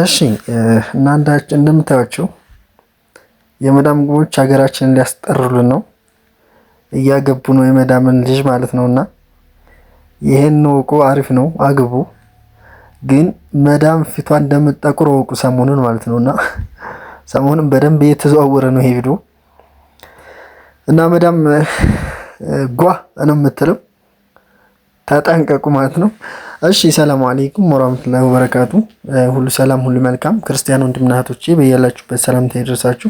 እሺ እና እንደምታያቸው የመዳም ግቦች ሀገራችንን ሊያስጠሩልን ነው፣ እያገቡ ነው የመዳምን ልጅ ማለት ነው። እና ይሄን እወቁ፣ አሪፍ ነው፣ አግቡ። ግን መዳም ፊቷ እንደምጠቁር እወቁ፣ ሰሞኑን ማለት ነው። እና ሰሞኑን በደንብ እየተዘዋወረ ነው ይሄ ቪዲዮ እና መዳም ጓ ነው የምትለው፣ ተጠንቀቁ ማለት ነው። እሺ ሰላም አለይኩም ወራህመቱላሂ ወበረካቱ። ሁሉ ሰላም ሁሉ መልካም ክርስቲያን ወንድምና እህቶቼ በያላችሁበት ሰላምታ ይደርሳችሁ።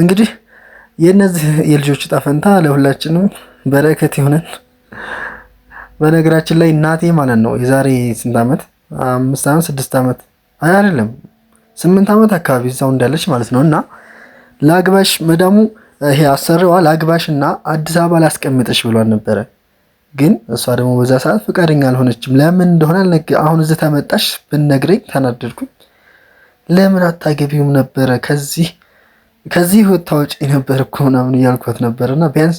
እንግዲህ የእነዚህ የልጆች ዕጣ ፈንታ ለሁላችንም በረከት ይሆነን። በነገራችን ላይ እናቴ ማለት ነው የዛሬ ስንት ዓመት አምስት ዓመት ስድስት ዓመት አይ አይደለም ስምንት ዓመት አካባቢ እዛው እንዳለች ማለት ነው እና ላግባሽ መዳሙ ይሄ አሰሪዋ ለአግባሽ እና አዲስ አበባ ላስቀምጥሽ ብሏል ነበረ ግን እሷ ደግሞ በዛ ሰዓት ፈቃደኛ አልሆነችም። ለምን እንደሆነ አሁን እዚህ ተመጣሽ ብነግረኝ ተናደድኩኝ። ለምን አታገቢውም ነበረ ከዚህ ከዚህ ወታወጭ ነበር እኮ ምናምን እያልኳት ነበር። እና ቢያንስ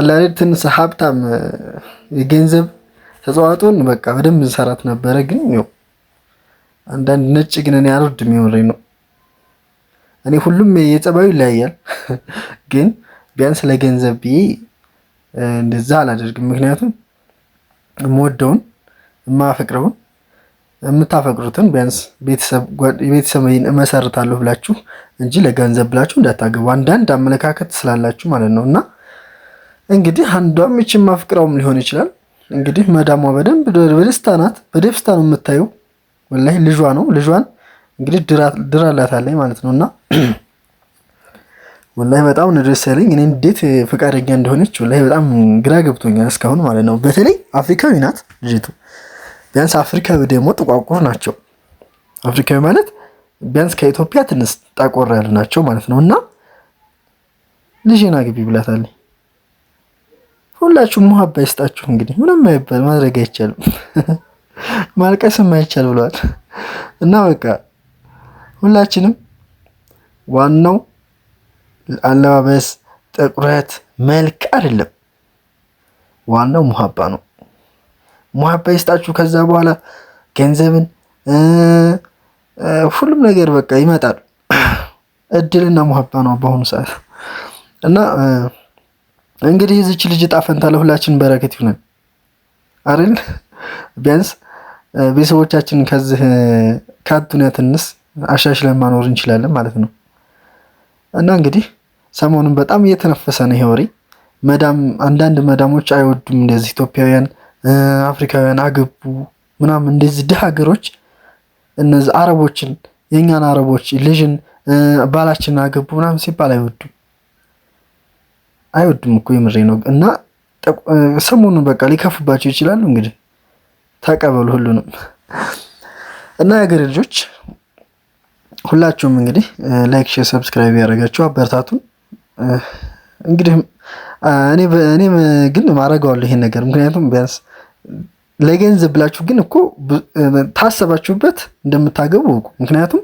አላሌድ ትንስ ሀብታም የገንዘብ ተጽዋጡን በቃ በደንብ እንሰራት ነበረ። ግን ው አንዳንድ ነጭ ግን እኔ አልወድም። የምሬን ነው። እኔ ሁሉም የጸባዩ ይለያያል። ግን ቢያንስ ለገንዘብ ብዬ እንደዛ አላደርግም። ምክንያቱም የምወደውን የማፈቅረውን የምታፈቅሩትን ቢያንስ ቤተሰብ እመሰርታለሁ ብላችሁ እንጂ ለገንዘብ ብላችሁ እንዳታገቡ አንዳንድ አመለካከት ስላላችሁ ማለት ነው። እና እንግዲህ አንዷም ይች የማፍቅረውም ሊሆን ይችላል። እንግዲህ መዳሟ በደንብ በደስታ ናት፣ በደስታ ነው የምታየው። ወላሂ ልጇ ነው። ልጇን እንግዲህ ድራላታለች ማለት ነው እና ወላሂ በጣም ነው ደስ ያለኝ። እኔ እንዴት ፈቃደኛ እንደሆነች ወላሂ በጣም ግራ ገብቶኛል እስካሁን ማለት ነው። በተለይ አፍሪካዊ ናት ልጅቱ። ቢያንስ አፍሪካዊ ደግሞ ጥቋቁር ናቸው። አፍሪካዊ ማለት ቢያንስ ከኢትዮጵያ ትንስ ጠቆር ያሉ ናቸው ማለት ነው። እና ልጄን አግቢ ብላታለች። ሁላችሁም ሙሀባ ይስጣችሁ። እንግዲህ ምንም አይባል ማድረግ አይቻልም፣ ማልቀስም አይቻል ብለዋል። እና በቃ ሁላችንም ዋናው አለባበስ፣ ጥቁረት፣ መልክ አይደለም። ዋናው ሙሀባ ነው። ሙሀባ ይስጣችሁ። ከዛ በኋላ ገንዘብን ሁሉም ነገር በቃ ይመጣል። እድልና ሙሀባ ነው በአሁኑ ሰዓት እና እንግዲህ እዚች ልጅ ጣፈንታ ለሁላችን በረከት ይሆናል አይደል? ቢያንስ ቤተሰቦቻችን ከዚህ ከአዱኒያ ትንስ አሻሽለን ማኖር እንችላለን ማለት ነው እና እንግዲህ ሰሞኑን በጣም እየተነፈሰ ነው ይሄ ወሬ። መዳም አንዳንድ መዳሞች አይወዱም እንደዚህ ኢትዮጵያውያን አፍሪካውያን አገቡ ምናምን እንደዚህ ድህ ሀገሮች እነዚህ አረቦችን የእኛን አረቦች ልጅን ባላችንን አገቡ ምናምን ሲባል አይወዱም አይወዱም እኮ የምሬ ነው። እና ሰሞኑን በቃ ሊከፉባቸው ይችላሉ። እንግዲህ ተቀበሉ ሁሉንም እና የሀገሬ ልጆች ሁላችሁም እንግዲህ ላይክ፣ ሼር፣ ሰብስክራይብ ያደረጋችሁ አበረታቱን። እንግዲህ እኔ እኔም ግን አደርገዋለሁ ይሄን ነገር ምክንያቱም ቢያንስ ለገንዘብ ብላችሁ ግን እኮ ታሰባችሁበት እንደምታገቡ እውቁ። ምክንያቱም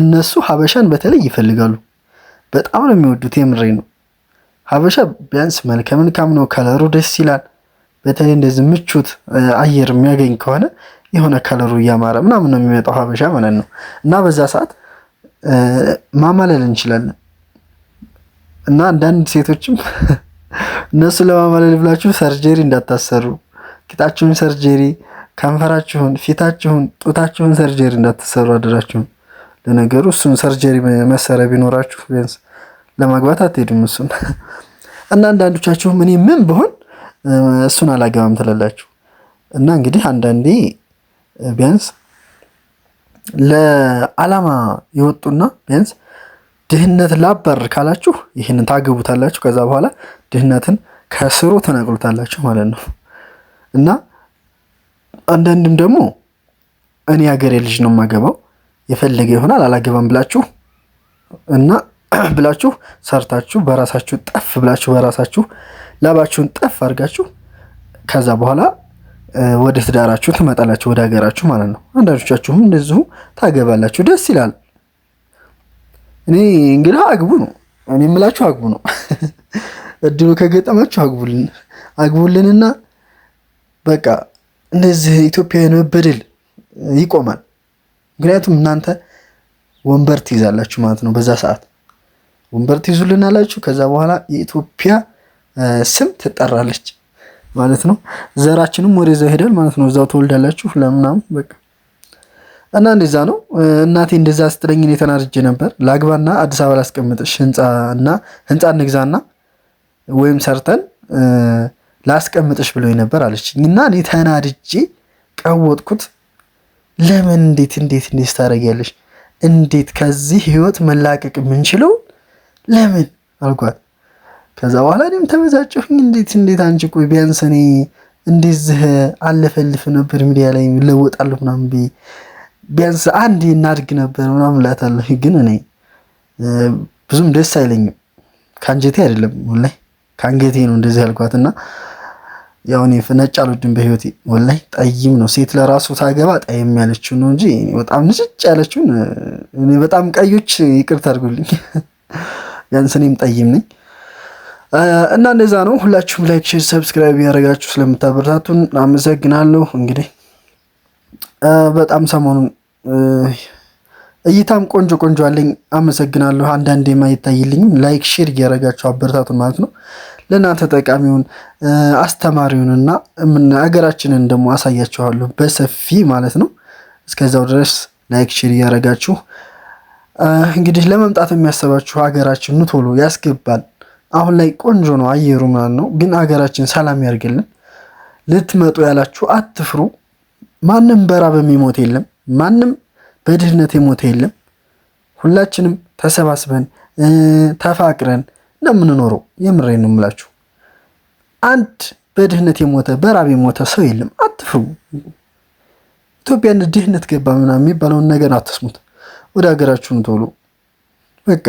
እነሱ ሀበሻን በተለይ ይፈልጋሉ። በጣም ነው የሚወዱት። የምሬ ነው። ሀበሻ ቢያንስ መልከ መልካም ነው፣ ከለሩ ደስ ይላል። በተለይ እንደዚህ ምቾት አየር የሚያገኝ ከሆነ የሆነ ከለሩ እያማረ ምናምን ነው የሚመጣው ሀበሻ ማለት ነው። እና በዛ ሰዓት ማማለል እንችላለን። እና አንዳንድ ሴቶችም እነሱ ለማማለል ብላችሁ ሰርጀሪ እንዳታሰሩ፣ ቂጣችሁን ሰርጀሪ፣ ከንፈራችሁን፣ ፊታችሁን፣ ጡታችሁን ሰርጀሪ እንዳትሰሩ አደራችሁን። ለነገሩ እሱን ሰርጀሪ መሰረ ቢኖራችሁ ቢያንስ ለማግባት አትሄዱም እሱን። እና አንዳንዶቻችሁም እኔ ምን ብሆን እሱን አላገባም ትላላችሁ። እና እንግዲህ አንዳንዴ ቢያንስ ለዓላማ የወጡና ቢያንስ ድህነት ላበር ካላችሁ ይህንን ታግቡታላችሁ። ከዛ በኋላ ድህነትን ከስሩ ትነቅሉታላችሁ ማለት ነው። እና አንዳንድም ደግሞ እኔ ሀገሬ ልጅ ነው የማገባው የፈለገ ይሆናል አላገባም ብላችሁ እና ብላችሁ ሰርታችሁ በራሳችሁ ጠፍ ብላችሁ በራሳችሁ ላባችሁን ጠፍ አድርጋችሁ ከዛ በኋላ ወደ ትዳራችሁ ትመጣላችሁ፣ ወደ ሀገራችሁ ማለት ነው። አንዳንዶቻችሁም እንደዚሁ ታገባላችሁ፣ ደስ ይላል። እኔ እንግዲህ አግቡ ነው እኔ የምላችሁ አግቡ ነው። እድሉ ከገጠማችሁ አግቡልን አግቡልንና በቃ እንደዚህ ኢትዮጵያውያን መበደል ይቆማል። ምክንያቱም እናንተ ወንበር ትይዛላችሁ ማለት ነው። በዛ ሰዓት ወንበር ትይዙልን አላችሁ። ከዛ በኋላ የኢትዮጵያ ስም ትጠራለች ማለት ነው። ዘራችንም ወደዛ ይሄዳል ማለት ነው። እዛው ተወልዳላችሁ። ለምናምን በቃ እና እንደዛ ነው እናቴ እንደዛ ስጥለኝ እኔ ተናድጄ ነበር። ላግባና አዲስ አበባ ላስቀምጥሽ ህንፃና ህንፃ እንግዛና ወይም ሰርተን ላስቀምጥሽ ብሎኝ ነበር አለችኝ። እና እኔ ተናድጄ ቀወጥኩት። ለምን እንዴት እንዴት እንዴት ታደርጊያለሽ? እንዴት ከዚህ ህይወት መላቀቅ የምንችለው ለምን አልኳት። ከዛ በኋላ እኔም ተበዛጨሁኝ። እንዴት እንዴት አንቺ ቆይ ቢያንስ እኔ እንደዚህ አለፈልፍ ነበር ሚዲያ ላይ ለወጣለሁ ምናምን ብዬ ቢያንስ አንድ እናድግ ነበር ምናምን እላታለሁ። ግን እኔ ብዙም ደስ አይለኝም። ከአንጀቴ አይደለም ወላሂ ከአንገቴ ነው እንደዚህ ያልኳት እና ያው እኔ ነጭ አልወድም በህይወቴ ወላሂ። ጠይም ነው ሴት ለራሱ ታገባ ጠይም ያለችው ነው እንጂ በጣም ንጭጭ ያለችውን እኔ በጣም ቀዮች ይቅርታ አድርጉልኝ። ቢያንስ እኔም ጠይም ነኝ እና እንደዛ ነው። ሁላችሁም ላይክ፣ ሰብስክራይብ ያደረጋችሁ ስለምታበረታቱን አመሰግናለሁ እንግዲህ በጣም ሰሞኑን እይታም ቆንጆ ቆንጆ አለኝ። አመሰግናለሁ። አንዳንዴ አይታይልኝም። ላይክ ሼር እያደረጋችሁ አበረታቱን ማለት ነው። ለእናንተ ጠቃሚውን አስተማሪውንና ሀገራችንን ደግሞ አሳያችኋለሁ በሰፊ ማለት ነው። እስከዛው ድረስ ላይክ ሼር እያደረጋችሁ እንግዲህ ለመምጣት የሚያሰባችሁ ሀገራችን ቶሎ ያስገባል። አሁን ላይ ቆንጆ ነው አየሩ ምናምን ነው፣ ግን ሀገራችን ሰላም ያርግልን። ልትመጡ ያላችሁ አትፍሩ። ማንም በራብ የሚሞት የለም፣ ማንም በድህነት የሞተ የለም። ሁላችንም ተሰባስበን ተፋቅረን ነው የምንኖረው። የምሬን ነው የምላችሁ። አንድ በድህነት የሞተ በራብ የሞተ ሰው የለም። አትፍሩ። ኢትዮጵያን ድህነት ገባ ምናምን የሚባለውን ነገር አትስሙት። ወደ ሀገራችሁን ቶሎ በቃ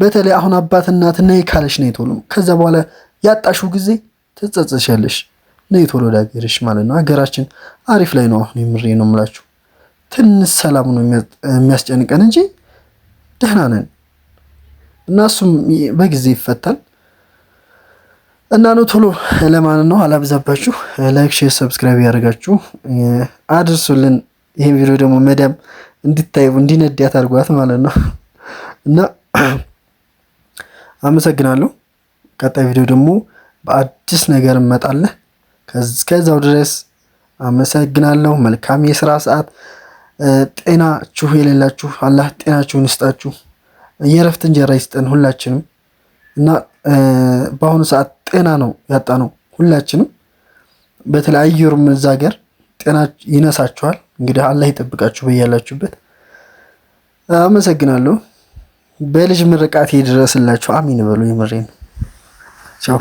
በተለይ አሁን አባት እናት ነይ ካለሽ ነይ ቶሎ። ከዛ በኋላ ያጣሽው ጊዜ ትጸጸሻለሽ። ነይ ቶሎ ወደ ሀገርሽ ማለት ነው። ሀገራችን አሪፍ ላይ ነው። አሁን የምሬ ነው የምላችሁ። ትንሽ ሰላም ነው የሚያስጨንቀን እንጂ ደህና ነን እና እሱም በጊዜ ይፈታል እና ነው ቶሎ ለማን ነው አላብዛባችሁ። ላይክ፣ ሼር፣ ሰብስክራይብ ያደርጋችሁ አድርሱልን። ይህን ቪዲዮ ደግሞ መዳም እንዲታይ እንዲነዳት አድርጓት ማለት ነው እና አመሰግናለሁ። ቀጣይ ቪዲዮ ደግሞ በአዲስ ነገር እመጣለሁ። እስከዛው ድረስ አመሰግናለሁ። መልካም የስራ ሰዓት። ጤናችሁ የሌላችሁ አላህ ጤናችሁን ይስጣችሁ፣ የእረፍት እንጀራ ይስጠን ሁላችንም እና በአሁኑ ሰዓት ጤና ነው ያጣ ነው ሁላችንም። በተለያዩ መዛገር ጤና ይነሳችኋል። እንግዲህ አላህ ይጠብቃችሁ በያላችሁበት። አመሰግናለሁ። በልጅ ምርቃቴ ይድረስላችሁ። አሚን በሉ። ይምሬን ቻው